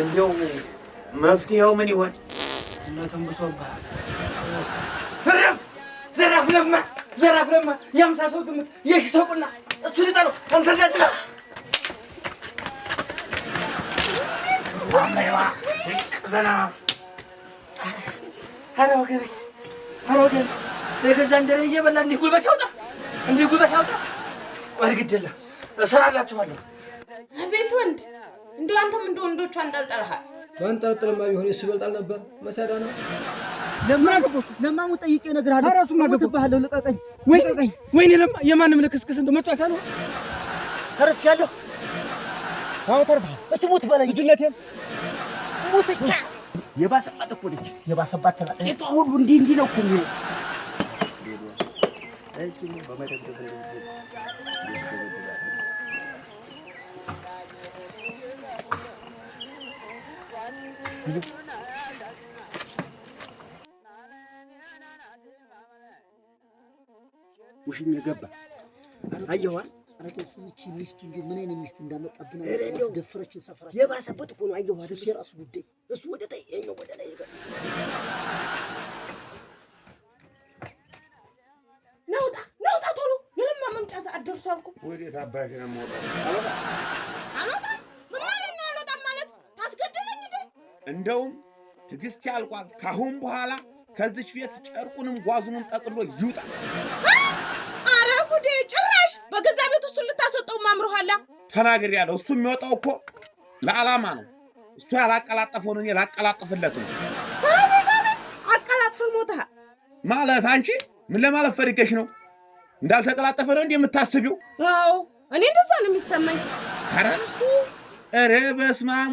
እንዲያው መፍትሄው ምን ይሆን? እነትም ብሶብሃል። እረፍ ዘራፍ ለማ ዘራፍ ለማ የአምሳ ሰው ግምት የሺ ሰው ቁና እሱ ልጠለው አንተጋድላ ዘና ኧረ ወገቤ ኧረ ወገቤ ለገዛ እንጀራ እየበላ እንዲህ ጉልበት ያውጣ እንዲህ ጉልበት ያውጣ። ግድ የለም እሰራላችኋለሁ እንዲሁ አንተም እንደው ወንዶቹ አንጠልጠልሃል። በአንጠልጥልማ ቢሆን የሱ ይበልጣል ነበር። መሳዳ ነው ለማሙ ጠይቄ እነግርሃለሁ። እራሱ ማገቡ ባህለሁ። ልቀቀኝ! ልቀቀኝ! ወይኔ ለማ የማንም ልክስክስ እንደ መጫወቻ ነው። ተርፌያለሁ። አዎ ተርፈሃል። እስኪ ሙት በለኝ። ልጅነቴን ሙት ብቻ የባሰባት እኮ ልጅ የባሰባት ተላጠ ጤጧ ሁሉ እንዲህ እንዲህ ነው እኮ የሚለው ውሽኝ ገባ አየኋል። እሱ ይህቺ ሚስቱ እንዲሁ ምን አይነት ሚስት እንዳመጣብን ደፈረች። ሰፈራችን የባሰበት እኮ ነው። አየኋል። እሱ የራሱ ጉዳይ፣ እሱ ወደ ታይ፣ ይኸኛው ወደ ላይ ይገባ ነውጣ ነውጣ፣ ቶሎ የለማ መምጫ ሰዓት ወዴት አባሽ ነው እንደውም ትግስት ያልቋል። ካሁን በኋላ ከዚች ቤት ጨርቁንም ጓዙንም ጠቅሎ ይውጣ። አረ ጉዴ! ጭራሽ በገዛ ቤት እሱን ልታስወጣው ማምሮኋላ። ተናገር ያለው እሱ የሚወጣው እኮ ለዓላማ ነው። እሱ ያላቀላጠፈውን እኔ ላቀላጥፍለት ነው። አቀላጥፈ ሞታ ማለት አንቺ ምን ለማለት ፈልገሽ ነው? እንዳልተቀላጠፈ ነው እንዲህ የምታስቢው? አዎ እኔ እንደዛ ነው የሚሰማኝ። አረ እሱ ኧረ በስመ አብ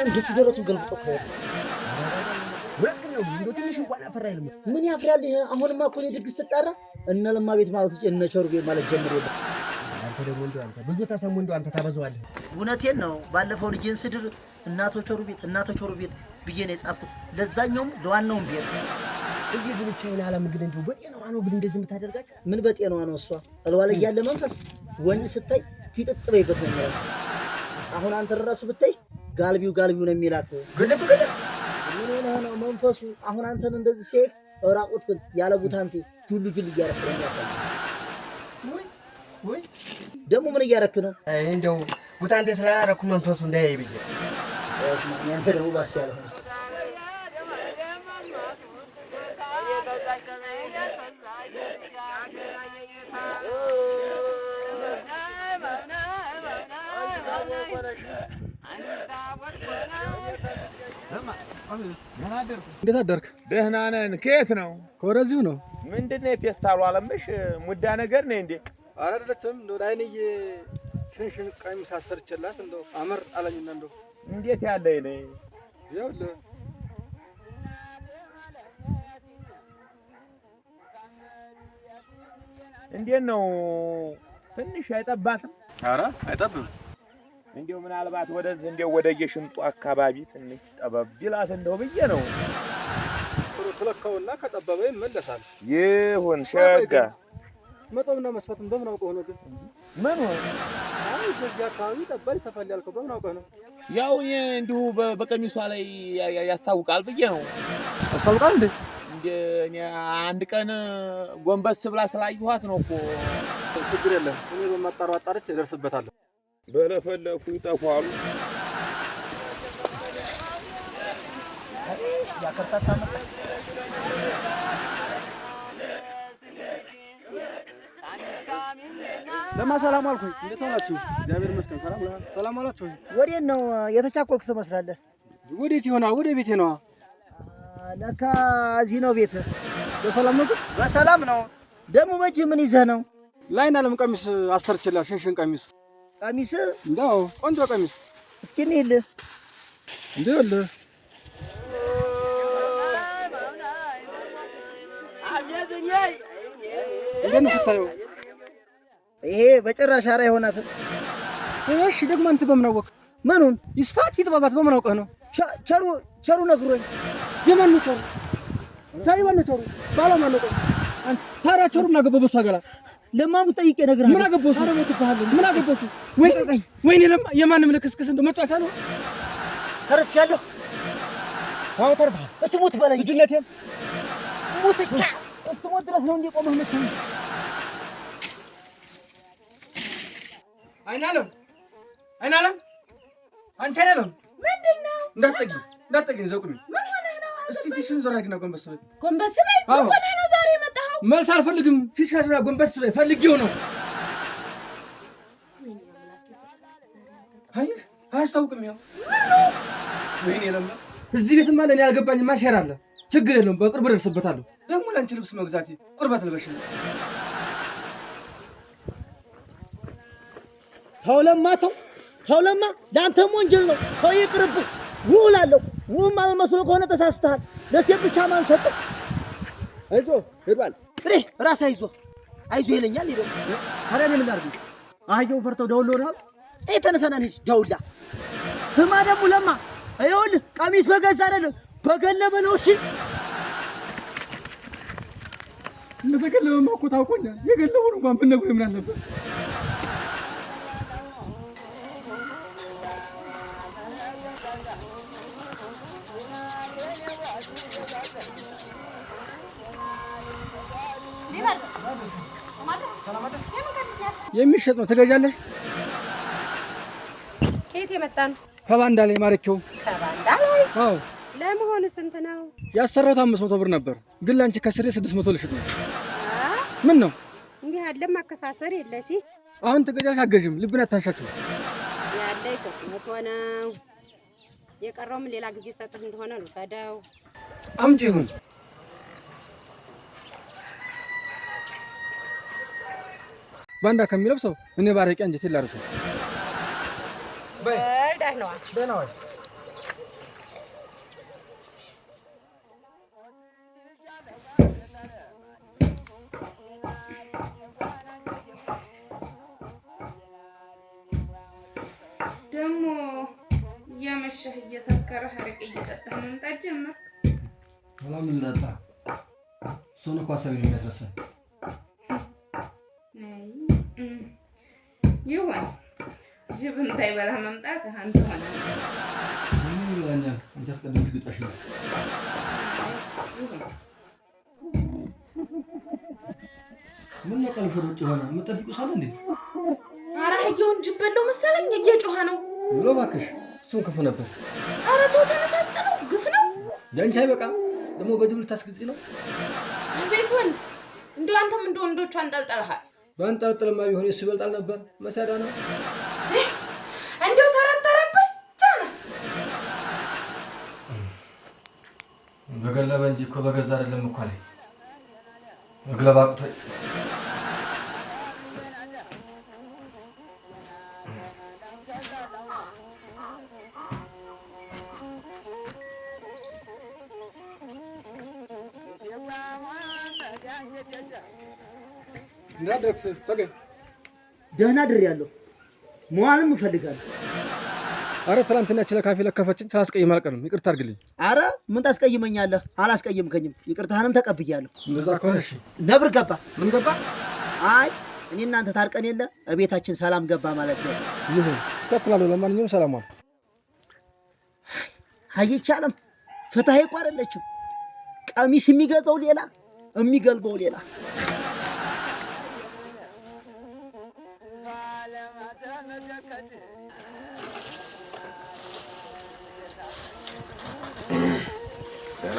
እንደሱ ደረቱን ገልብጦ ትንሽ እንኳን አፈራ አይልም። ምን ያፍራል? አሁንማ እኮ እኔ ድግስ ስጠራ እነ ለማ ቤት ማለት ውጭ እነ ቸሩ ቤት ማለት ጀምሮ አንተ ደግሞ እንደው አንተ ብዙ ተሰሙ እንደው አንተ ታበዛዋለህ። እውነቴን ነው። ባለፈው ልጄን ስድር እናቶ ቸሩ ቤት እናቶ ቸሩ ቤት ብዬ ነው የጻፍኩት። ለዛኛውም ለዋናውም ቤት እየግልቻ ይን አለም ግን እንደው በጤናዋ ነው ግን እንደዚህ የምታደርጋቸው ምን በጤናዋ ነው እሷ እልዋ ላይ ያለ መንፈስ ወንድ ስታይ ፊጥጥ በይበት ነው የሚላት። አሁን አንተ ራሱ ብታይ ጋልቢው ጋልቢው ነው የሚላት። ግልብ ግልብ ምን ሆነህ ነው መንፈሱ? አሁን አንተን እንደዚህ ሲሄድ ራቁት ግን ያለ ቡታንቲ ጁሉ ጁል እያረክ ነው ወይ ወይ ደግሞ ምን እያረክ ነው? እንደው ቡታንቲ ስላላረኩ መንፈሱ እንዳያይ ብዬ ያንተ ደግሞ ባስ ያለሆነ እንዴት አደርክ? ደህና ነን። ከየት ነው? ከወደዚሁ ነው። ምንድን ነው የፌስታሉ አለምሽ? ሙዳ ነገር ነው እንዴ? ኧረ አይደለችም። እንደው ለዓይንዬ ሽንሽን ቀሚስ አሰርቼላት እንደው አመር አለኝና እንደው እንዴት ያለ ይኔ ይኸውልህ እንዴት ነው? ትንሽ አይጠባትም? ኧረ አይጠብም እንዲሁ ምናልባት ወደዚህ እንዲሁ ወደ ወደየሽንጡ አካባቢ ትንሽ ጠበብ ቢላት እንደው ብዬ ነው። ጥሩ ትለካውና ከጠበበ ይመለሳል። ይሁን ሸጋ መጠኑና መስፈቱን በምን አውቀው ነው? ግን ምን ሆነ? አይ በዚህ አካባቢ ጠባል ይሰፋል ያልከው በምን አውቀው ነው? ያው እኔ እንዲሁ በቀሚሷ ላይ ያስታውቃል ብዬ ነው። ያስታውቃል እንዴ? እንደ አንድ ቀን ጎንበስ ብላ ስላየኋት ነው እኮ። ችግር የለም እኔ በማጣሩ አጣርቼ እደርስበታለሁ። በለፈለፉ ይጠፋሉ። ለማ ሰላም አልኩ። እንዴት ሆናችሁ? እግዚአብሔር ይመስገን። ሰላም ላ ሰላም አላችሁ? ወዴት ነው የተቻኮልክ ትመስላለህ። ወዴት ይሆና? ወደ ቤቴ ነዋ። ለካ እዚህ ነው ቤት። በሰላም ነው? በሰላም ነው። ደግሞ በእጅህ ምን ይዘህ ነው? ላይና ለም ቀሚስ አሰርችላ ሽንሽን ቀሚስ ቀሚስ እንደው ቆንጆ ቀሚስ እስኪ እንሂል እንዴ? እንዴት ነው ስታየው? ይሄ በጭራሽ አራ የሆናት። እሺ ደግሞ አንተ በምን አወቅህ? ምኑን ይስፋት ይጥባባት በምን አውቀህ ነው? ቸሩ ቸሩ ነግሮኝ። የማን ቸሩ? ቸሩ ባለማን ነው? አንተ ታዲያ ቸሩና ገበበሱ አገላ ለማሙ ጠይቄ ነገር ምን አረ አገባሱ? ምን ወይ ጠይ ወይ ለማ የማንም ልክስክስ እንደው መጥቷታ ነው። ተርፌያለሁ። አዎ ተርፈሃል። እሱ ሙት በለኝ። ሙት ቻ ብቻ እስክሞት ድረስ ነው እንዴ ቆመህ መሰለኝ። አይናለም፣ አይናለም፣ አንቺ አይናለም፣ ምንድን እንዳትጠጊ፣ እንዳትጠጊኝ፣ እንዳትጠጊኝ። ዘው ቁሚ። እስኪ ፊትሽን ዞር አድርጊና ጎንበስ በይ፣ ጎንበስ በይ። መልስ አልፈልግም። ፊትሽና ጎንበስ በይ። ፈልጌው ነው። አያስታውቅም። ያው ወይኔ ለማ እዚህ ቤትማ ለእኔ ያልገባኝ ማሸር አለ። ችግር የለውም፣ በቅርቡ ደርስበታለሁ። ደግሞ ለአንቺ ልብስ መግዛቴ ቁርበት ልበሽ ነው። ተው ለማ፣ ተው ተው ለማ፣ ለአንተም ወንጀል ነው። ተው ይቅርብህ። ውህ እላለሁ። አልመስሎ ከሆነ ተሳስተሃል። ለሴት ብቻ ማን ሰጠህ? አይዞህ ይባል እኔ ራስ አይዞ አይዞ ይለኛል። ይሄ ታዲያ እኔ ምን ላድርግ? አህያውን ፈርተው ደውሎ ነው እይ ተነሳና ነሽ ደውላ ስማ ደግሞ ለማ ይኸውልህ ቀሚስ በገዛ አይደለም በገለበ ነው። እሺ እንደተገለበማ እኮ ታውቆኛል። የገለቡን እንኳን ብትነግሩኝ ምን አለበት? የሚሸጥ ነው ትገዣለሽ? ከየት የመጣ ነው? ከባንዳ ላይ ማረኪው። ከባንዳ ላይ? አዎ። ለመሆኑ ስንት ነው? ያሰራሁት አምስት መቶ ብር ነበር፣ ግን ለአንቺ ከስሬ ስድስት መቶ ልሽጥ ነው። ምን ነው እንዲህ አለ ማከሳሰር የለቲ። አሁን ትገዣለሽ አገዥም፣ ልብን አታንሻችሁ። ያለ ሶስት መቶ ነው። የቀረውም ሌላ ጊዜ ሰጥህ እንደሆነ ነው። ሰደው አምጪ ይሁን ባንዳ ከሚለብሰው እኔ ባረቂያ እንጀት ይላርሱ ደግሞ የመሸህ እየሰከረህ አረቄ እየጠጣህ መምጣት ጀመርክ። ሰላም ልንጠጣ እሱን እኮ ይሁን ጅብም ታይበላ መምጣት አንተ ሆነ ምን ለቀልሽ? ወደ ሆነ የምጠብቂው ሰው እንዴ? ኧረ ህየውን ጅብ በለው መሰለኝ እየጮኸ ነው ብሎ እባክሽ፣ እሱም ክፉ ነበር። ኧረ ተው ተነሳስተ ነው ግፍ ነው ለአንቺ አይበቃም። ደግሞ በጅብ ልታስግጪ ነው? ቤት ወንድ እንዲሁ አንተም እንደ ወንዶቹ አንጠልጠልሃል። በንጠለጥልማ ቢሆን የሱ ይበልጣል ነበር። መሰዳ ነው እንደው ተረተረበት ብቻ ነው። በገለበ እንጂ እኮ በገዛ አይደለም እኮ ላይ መግለብ አቅቶኝ ደህና አድሬያለሁ። መዋልም እፈልጋለሁ። አረ ትናንትና ችለ ካፌ ለከፈችን ሳላስቀይም አልቀርም። ይቅርታ አድርግልኝ። አረ ምን ታስቀይመኛለህ? አላስቀይምከኝም። ይቅርታህንም ተቀብያለሁ። ነብር ገባ። ምን ገባ? አይ እኔ እናንተ ታርቀን የለ እቤታችን ሰላም ገባ ማለት ነው። ይሁን ተክላለሁ። ለማንኛውም ሰላም ዋል። አይቻልም። ፍትሐ ይቋረለችው ቀሚስ የሚገዛው ሌላ፣ የሚገልበው ሌላ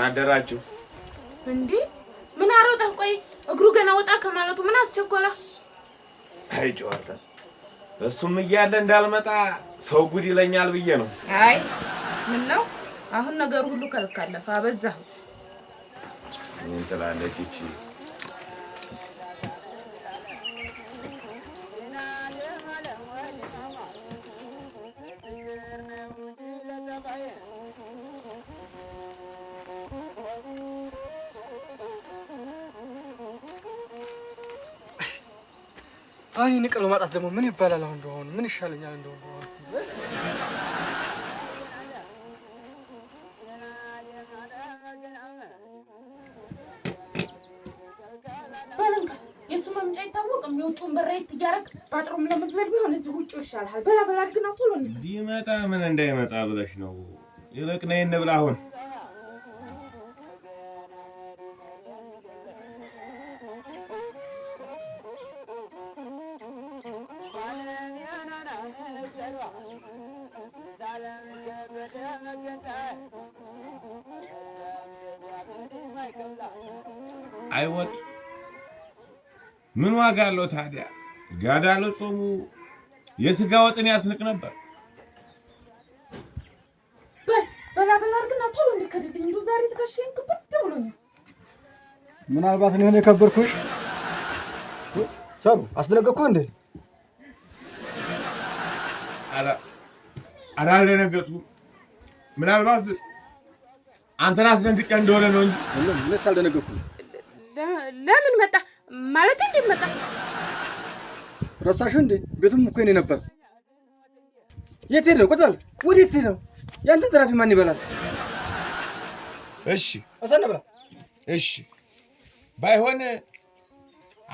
አደራችሁ። እንዴ ምን አሮጠህ? ቆይ እግሩ ገና ወጣ ከማለቱ ምን አስቸኮላ? አይ ጨዋታ፣ እሱም እያለ እንዳልመጣ ሰው ጉድ ይለኛል ብዬ ነው። አይ ምን ነው አሁን ነገሩ ሁሉ ከልካለፈ፣ አበዛሁ። ምን ትላለች ይቺ ይህን ቀሎ ማጣት ደግሞ ምን ይባላል? አሁን እንደሆነ ምን ይሻለኛል? እንደሆነ የእሱ መምጫ አይታወቅም። የውጭውን እያደረግ ባጥሮም ቢሆን እዚህ ውጭ ይሻልሃል። በላ በላ አድርግና ቶሎ ቢመጣ ምን እንዳይመጣ ብለሽ ነው። ይልቅ ነይ እንብላ አሁን ዋጋ አለው ታዲያ? ጋዳሎ ጾሙ የስጋ ወጥን ያስንቅ ነበር። በላ በላ ቶሎ ምናልባት ነው የከበርኩሽ። ቻሉ አስደነገኩ እንዴ? ምናልባት አንተን እንደሆነ ነው እንጂ ምንም አልደነገጥኩም። ለምን መጣ ማለት እንዴ መጣ? ረሳሽ እንዴ? ቤቱም እኮ እኔ ነበር። የት ሄድ ነው? ቁጭ በል። ወዴት ነው? ያንተን ትራፊ ማን ይበላል? እሺ አሰነ ብላ። እሺ ባይሆን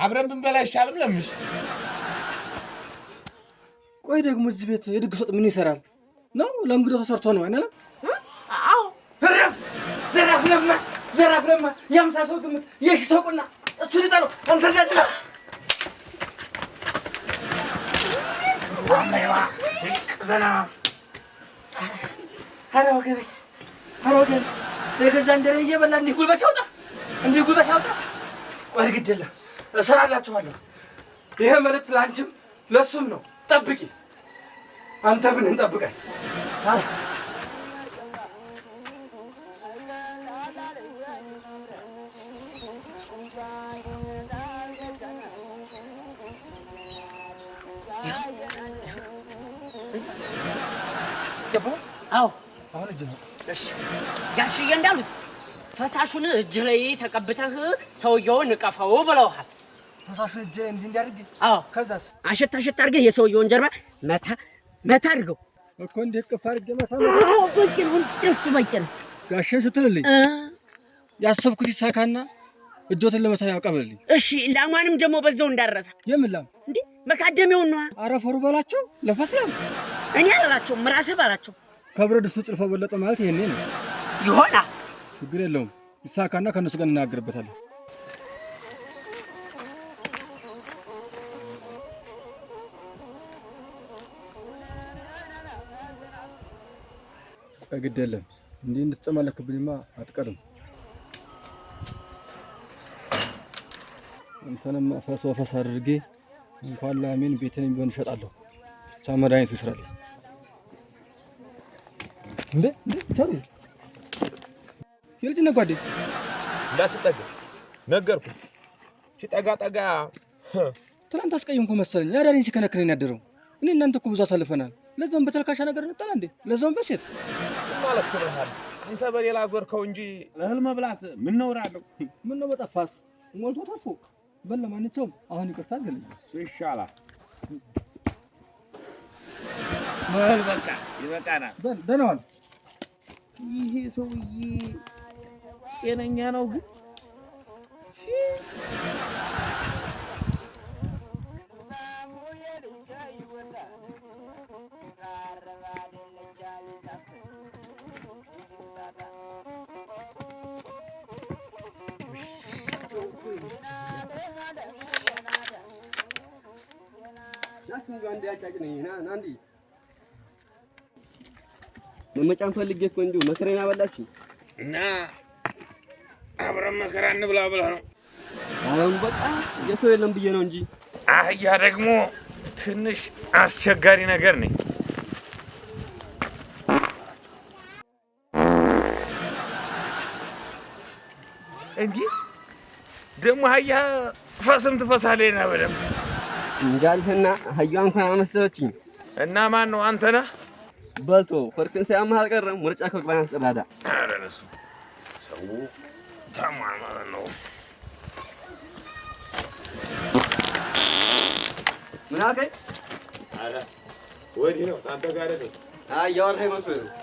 አብረን ብንበላ ይሻልም። ለምሽ ቆይ ደግሞ እዚህ ቤት የድግስ ወጥ ምን ይሰራል? ነው ለእንግዶ ተሰርቶ ነው አይደለም? አዎ ዘራፍ ለማ፣ ዘራፍ ለማ፣ የአምሳ ሰው ግምት፣ የሺ ሰው ቁና እሱ ሊጠሉ ተንተጋድላ ኧረ ወገቤ ኧረ ወገቤ የገዛ እንጀራ እየበላ እንዲህ ጉልበት ያውጣ እንዲህ ጉልበት ያውጣ። ቆይ ግድ የለም እሰራላችኋለሁ። ይሄ መልዕክት ለአንቺም ለእሱም ነው። ጠብቂ። አንተ ምን እንጠብቃል? እሺ ጋሽዬ እንዳሉት ፈሳሹን እጅ ላይ ተቀብተህ ሰውየውን ንቀፈው ብለውሃል። ፈሳሹን እጅ ላይ እንዲህ እንዲያድርግ? አዎ። ከዛስ? አሸት አሸት አድርገህ የሰውየውን ጀርባ መታ መታ አድርገው እኮ። እንዴት ቅፍ አድርገህ መታ መታ? እሱ በቂ ነው። ጋሼን ስትልልኝ ያሰብኩት ይሳካና እጆትን ለመሳብ ያውቀብልልኝ። እሺ ላሟንም ደግሞ በዛው እንዳረሳ። የምን ላም እንዴ? መካደሚያውን ነዋ። አረፈሩ በላቸው ለፈስላም። እኔ አላላቸውም ራስህ ባላቸው ከብረት ድስቱ ጭልፎ በለጠ ማለት ይሄኔ ነው። ይሆና ችግር የለውም ይሳካና ከእነሱ ጋር እንናገርበታለን። ግድ የለም እንዲህ እንድትጨማለክብኝማ አትቀርም። እንተንም ፈስ በፈስ አድርጌ እንኳን ላሜን ቤትን ቢሆን ይሸጣለሁ። ብቻ መድኃኒቱ ይስራል። እንዴ ቻሉ የልጅነት እንዳትጠጋ ነገርኩ። ጠጋ ጠጋ ትናንት አስቀየምኩ መሰለኝ። ያዳሪን ሲከነክነን ያደረው እኔ እናንተ እኮ ብዙ አሳልፈናል። ለዛውም በተልካሻ ነገር እንጣላ እንዴ ለዛውም በሴት ማለት ትልሃል አንተ በሌላ ዞርከው እንጂ እህል መብላት ምን ምን ነው በጠፋስ ሞልቶ ተርፎ አሁን ይቅርታ ይሻላል። በል በቃ ይበቃናል። ደህና ዋል። ይሄ ሰውዬ ጤነኛ ነው ግን ና ለመጫን ፈልጌ እኮ እንዲሁ መከራዬን አበላችሁ እና አብረን መከራ እንብላ ብላ ነው። አሁን በቃ የሰው የለም ብዬ ነው እንጂ አህያ ደግሞ ትንሽ አስቸጋሪ ነገር ነኝ። እንዲህ ደግሞ አህያ ፈስም ትፈሳለህ እና በደምብ እንጃልህና አህያ እንኳን አመሰለችኝ እና ማን ነው አንተ ነህ? በልቶ ፈርክን ሳያምህ አልቀረም። ምርጫ ከቅባን አስጠላዳ አረነሱ ሰው ታማ ማለት ነው። ምን አልከኝ? አረ ወዲህ ነው አንተ ጋር አይደል? አይ ያወራኸኝ መስሎኝ ነው።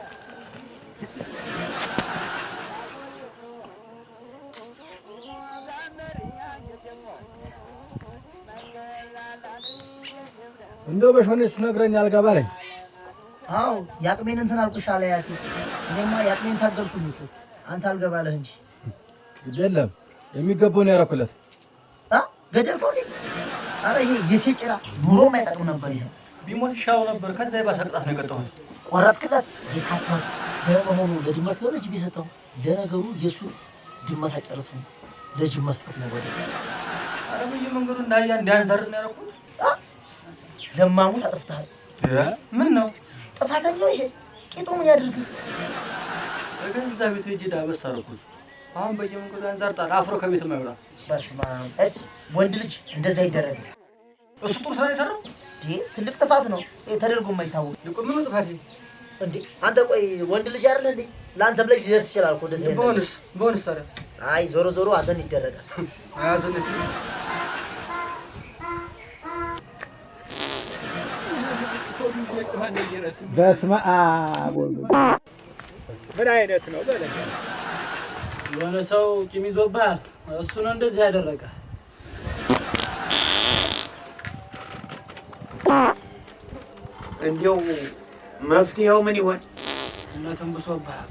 እንደው በሾኔ ስትነግረኝ አልገባለኝ አዎ የአቅሜን እንትን አልቁሻ ላይ ያቴ። እኔማ የአቅሜን ታገልኩኝ እኮ አንተ አልገባለህ እንጂ። የለም የሚገባውን ያደረኩለት ገደፈው። አረ ይሄ የሴጭራ ኑሮ አይጠቅም ነበር። ይሄ ቢሞት ይሻው ነበር። ከዛ የባሰቅጣት ነው የቀጠሁት። ቆረጥክለት የታባት በመሆኑ ለድመት ነው ቢሰጠው። ለነገሩ የእሱ ድመት አጨርስም ለጅ መስጠት ነው ወደ አረ ምን መንገዱ እንዳያ እንዳያንሰርጥ ነው ያደረኩት። ለማሙት አጥፍተሃል። ምን ነው ጥፋተኛው ይሄ ቂጡ ምን ያድርግ? ለገንዛ ቤት ሄጄ ዳበስ አደረኩት። አሁን በየመንገዱ አንዛር ጣል አፍሮ ከቤት አይወጣ። በስመ አብ እስ ወንድ ልጅ እንደዛ ይደረግ? እሱ ጥሩ ስራ የሰራው ትልቅ ጥፋት ነው ተደርጎ የማይታወቅ ምኑ ጥፋት እንዴ? አንተ ቆይ ወንድ ልጅ አይደለ እንዴ? ለአንተም ላይ ሊደርስ ይችላል እኮ እንደዚህ። በሆንስ በሆንስ ታዲያ? አይ ዞሮ ዞሮ አዘን ይደረጋል። አያዘነት በስመ አብ ምን አይነት ነው? የሆነ ሰው ቂም ይዞብሃል። እሱ ነው እንደዚህ ያደረገ። እንዲያው መፍትሄው ምን ይሆን? እነትን ብሶብሃል።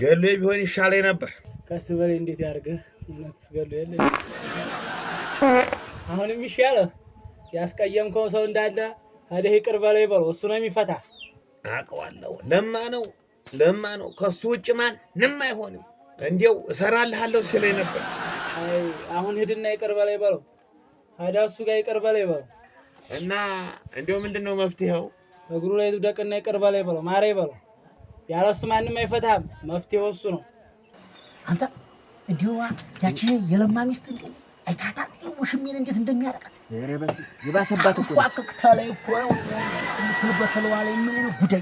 ገሎ ቢሆን ይሻለኝ ነበር። ከስ በላይ እንዴት ያድርግህ? እውነት ገሎ የለ አሁንም ይሻለህ ያስቀየምከው ሰው እንዳለ ሄደህ ይቅር በለው ይበለው። እሱ ነው የሚፈታ። አውቀዋለሁ። ለማ ነው ለማ ነው። ከሱ ውጭ ማን ንም አይሆንም። እንዲው እሰራልሃለሁ ሲለኝ ነበር። አይ አሁን ሂድና ይቅር በለው ይበለው። ሄዳ እሱ ጋር ይቅር በለው ይበለው እና እንዲው ምንድን ነው መፍትሄው? እግሩ ላይ ውደቅና ይቅር በለው ይበለው። ማረ ይበለው። ያለሱ ማንም አይፈታም። መፍትሄው እሱ ነው። አንተ እንዲሁ ያቺ የለማ ሚስት አይታታ ውሽሜን እንዴት እንደሚያረቃት የባሰባት እኮ ተላይ ነው የምትልበት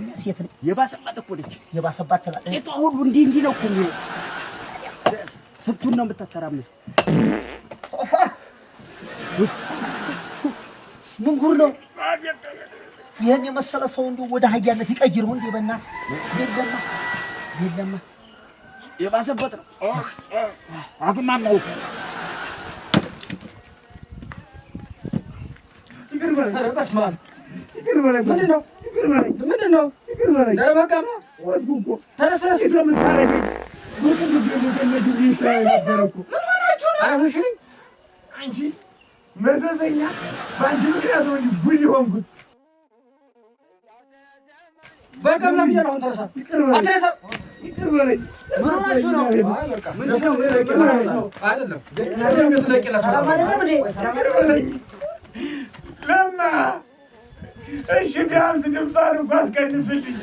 ይህን የመሰለ ሰው እንዲሁ ወደ ሀያነት ይቀይረው እንዴ? በእናትህ የለማ የለማ የባሰበት ነው አግማም አንቺ መዘዘኛ በአንቺ ምክንያት ነው እንጂ ጉድ ሆንኩት። በቃ ምናምን እያለ አሁን ተረሳ አትረሳ። ይቅር በለኝ። ምን ሆናችሁ ነው? ምንድን ነው? አይደለም እሺ ቢያንስ ድምፃን እንኳ አስቀንስልኝ።